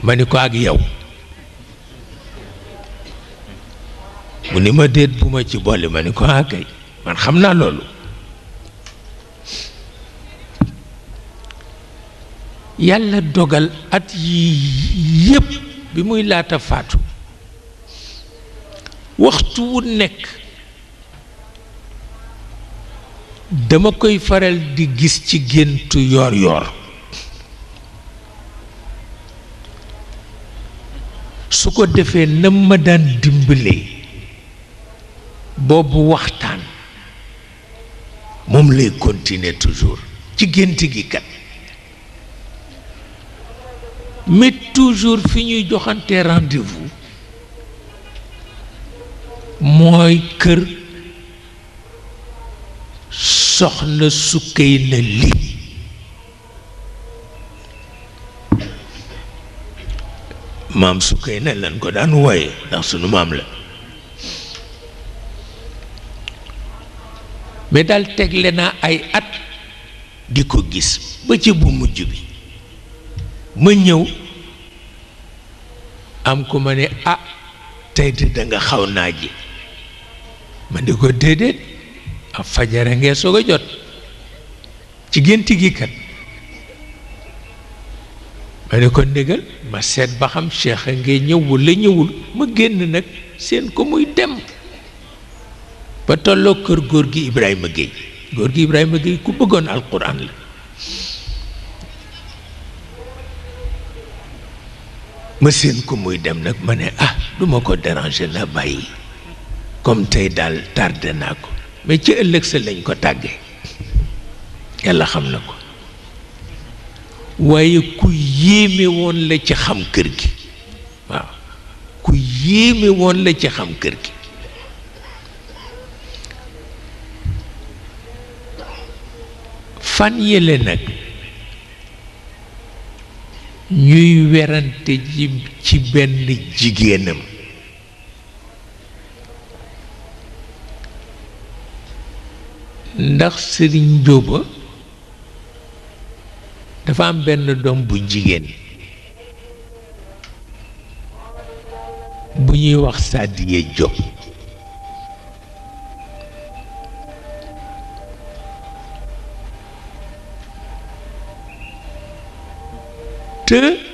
ma ni ko ak yow mu ni ma déet bu ma ci boole ma ni ko akay ah man xam naa loolu yàlla dogal at yi yépp bi muy laata faatu waxtu wu nekk dama koy faral di gis ci géntu yoor yoor su ko defee na ma daan dimbalee boobu waxtaan moom lay continuer toujours ci gént gi kat mais toujours fi ñuy joxante rendez-vous mooy kër soxna sukkay na lii maam sukkay ne lan ko daan wooye ndax sunu maam la mais daal tegle naa ay at di ko gis ba ci bu mujj bi ma ñëw am ku ma ne a ah, tey da nga xaw naa ji ma di ko déedéet ab fajara ngee soog a jot ci gént gi ma ne ko négal ma seet ba xam cheikh a ngay ñëw la ñëwul ma génn nag seen ko muy dem ba tolloo kër góor gi a Gueye góor gi Ibrahima Gueye ku bëggoon alquran la ma seen ko muy dem nag ma ne ah duma ko déranger na bàyyi comme tey daal tardé naa ko mais ci ëllëg sa lañ ko tàggee yàlla xam na ko waaye ku yéeme la ci xam kër gi ku yéeme la ci xam kër gi fan yële nag ñuy werante ji ci benn jigéenam ndax sëriñ jóoba dafa am benn doom bu jigéen bu ñuy wax Sadiya Diop te